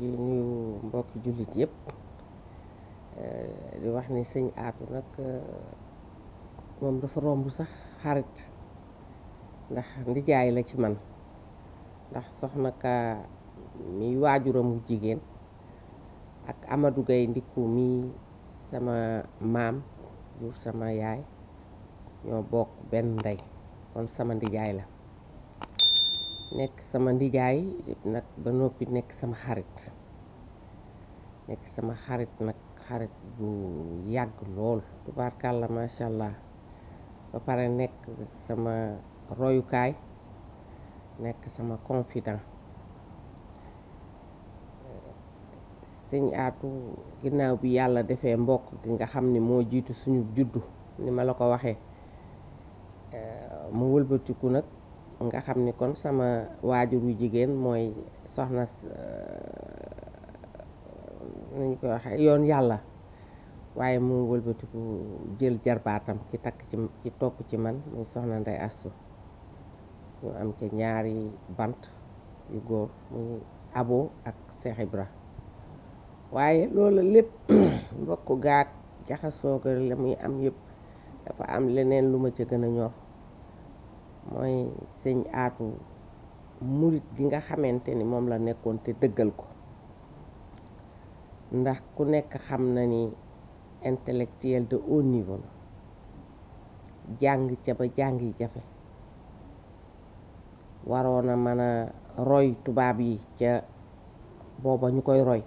di nuyu mbokki jullit yépp li eh, wax ni sëñ aatu nag eh, moom dafa romb sax xarit ndax ndijaay la ci man ndax soxna ka mi waajuram wu jigéen ak Amadou Gaye ndikku mi sama maam jur sama yaay ñoo bokk benn ndey kon sama ndijaay la nekk sama ndigaay nag ba noppi nekk sama xarit nekk sama xarit nag xarit bu yàgg lool tubaarkàlla macha allah ba pare nekk sama royukaay nekk sama confident sëñ aatu ginnaaw bi yàlla defee mbokk gi nga xam ni moo jiitu suñu juddu ni ma la ko waxee mu wëlbatiku nag nga xam ni kon sama waajur yu jigéen mooy soxna euh, nuñ koy waxee yoon yàlla waaye mu wëlbatiku jël jarbaatam ki takk ci ki topp ci man muy soxna Ndey Astu ñu am ca ñaari bant yu góor muy abo ak Seex waaye loolu lépp mbokk gaag jaxasoo la muy am yépp dafa am leneen lu ma ca gën a ñor mooy sëñ aatu murit gi nga xamante ni moom la nekkoon te dëggal ko ndax ku nekk xam na ni intellectuel de haut niveau la jàng ca ba jàng yi jafe waroon a mën a roy tubaab yi ca booba ñu koy roy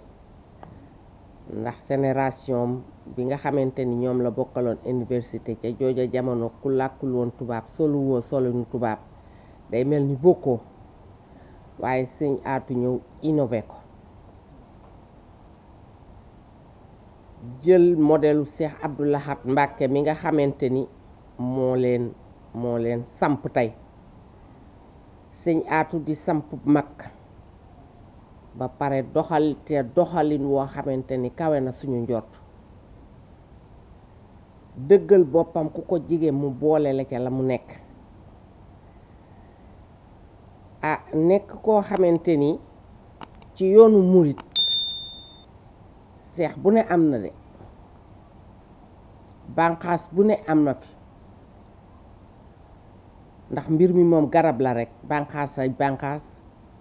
ndax génération bi nga xamante ni ñoom la bokkaloon université ca jooja jamono ku làkkul woon tubaab solu woo solunu tubaab day mel ni bokkoo waaye sëñ aatu ñëw innové ko jël modelu Cheikh Abdou Lahad Mbacke mi nga xamante ni moo leen moo leen samp tey sëñ aatu di samp mag ba pare doxal te doxalin woo xamante ni kawe na suñu njot dëggal boppam ku ko jigéen mu boole la ca la mu nekk ah nekk koo xamante ni ci yoonu murit seex bu ne am na de bànqaas bu ne am na fi ndax mbir mi moom garab la rekk bànqaas ay bànqaas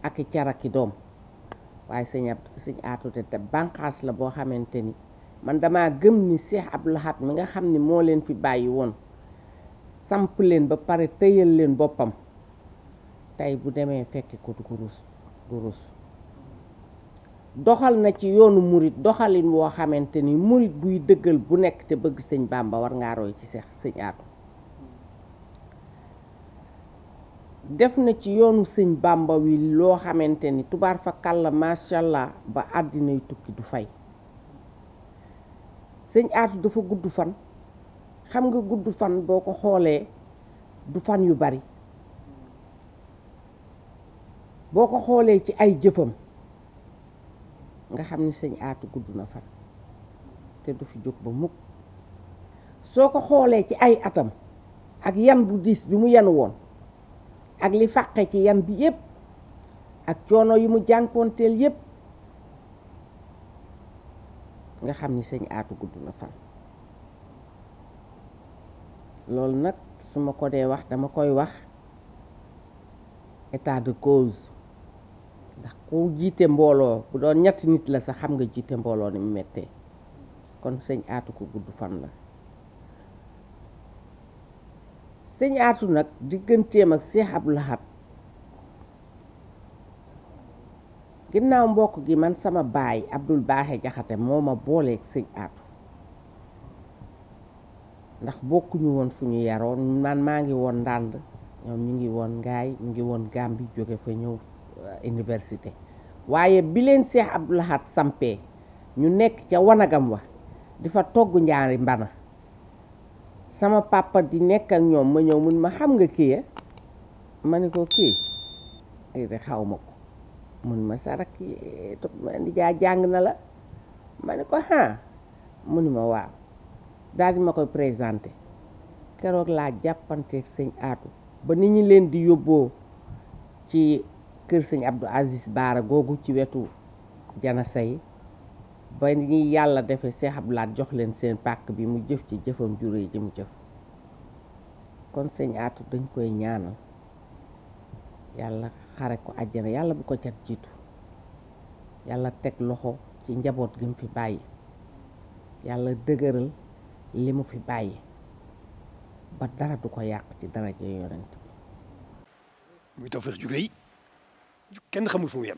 ak i caraki doom waaye sëñ ab sëñ aatute te bànqaas la boo xamante ni man dama gëm ni Seex ab laxat mi nga xam ni moo leen fi bàyyi woon samp leen ba pare tëyal leen boppam tey bu demee fekki ko du rus du rus doxal na ci yoonu murit doxalin woo xamante ni murit buy dëggal bu nekk te bëgg sëñ baam ba war ngaa roy ci seex sëñ aatu def na ci yoonu sëñ Bàmba wi loo xamante ni tubaar fa kàlla macha allah ba àddinay tukki du fay sëñ Aatu dafa gudd fan xam nga gudd fan boo ko xoolee du fan yu bari boo ko xoolee ci ay jëfam nga xam ni sëñ Aatu gudd na fan te du fi jóg ba mukk soo ko xoolee ci ay atam ak yan bu diis bi mu yanu woon ak li fàqe ci yam bi yépp ak coono yi mu jànkoonteel yépp nga xam ni sëñ aatu gudd na fan loolu nag su ma ko dee wax dama koy wax état de cause ndax ku jiite mbooloo bu doon ñetti nit la sa xam nga jiite mbooloo ni mu mettee kon sëñ aatu ko gudd fan la sëñ aatu nag digganteem ak Seex ab Lahad ginnaaw mbokk gi man sama baay Abdul Baaxe Jaxate moo ma booleek sëñ aatu ndax bokkuñu woon fu ñu yaroon man maa ngi woon ndànd ñoom ñu ngi woon ngaay ñu ngi woon bi jóge fa ñëw euh, université waaye bileen Seex ab laxaat sampe ñu nekk ca wanagam wa di fa togg njaari mbana sama papa di nekk ak ñoom ma ñëw mun ma xam nga kii ma ni ko kii de xaw ma ko mun ma sarak di jàng na la ma ne ko ah mun ma waaw daal di ma koy présenté keroog laa jàppanteeg sëñ aatu ba ni ñu leen di yóbboo ci kër sëñ Abdou Aziz Baara googu ci wetu jana say ba ni yàlla defee Seex Abdu jox leen seen pàkk bi mu jëf ci jëfam jure ji mu jëf kon sëñ Aatu dañ koy ñaanal yàlla xare ko àjjana yàlla bu ko jat jiitu yàlla teg loxo ci njaboot gi mu fi bàyyi yàlla dëgëral li mu fi bàyyi ba dara du ko yàq ci daraja yonent bi muy tawfeex ju rëy kenn xamul fu yem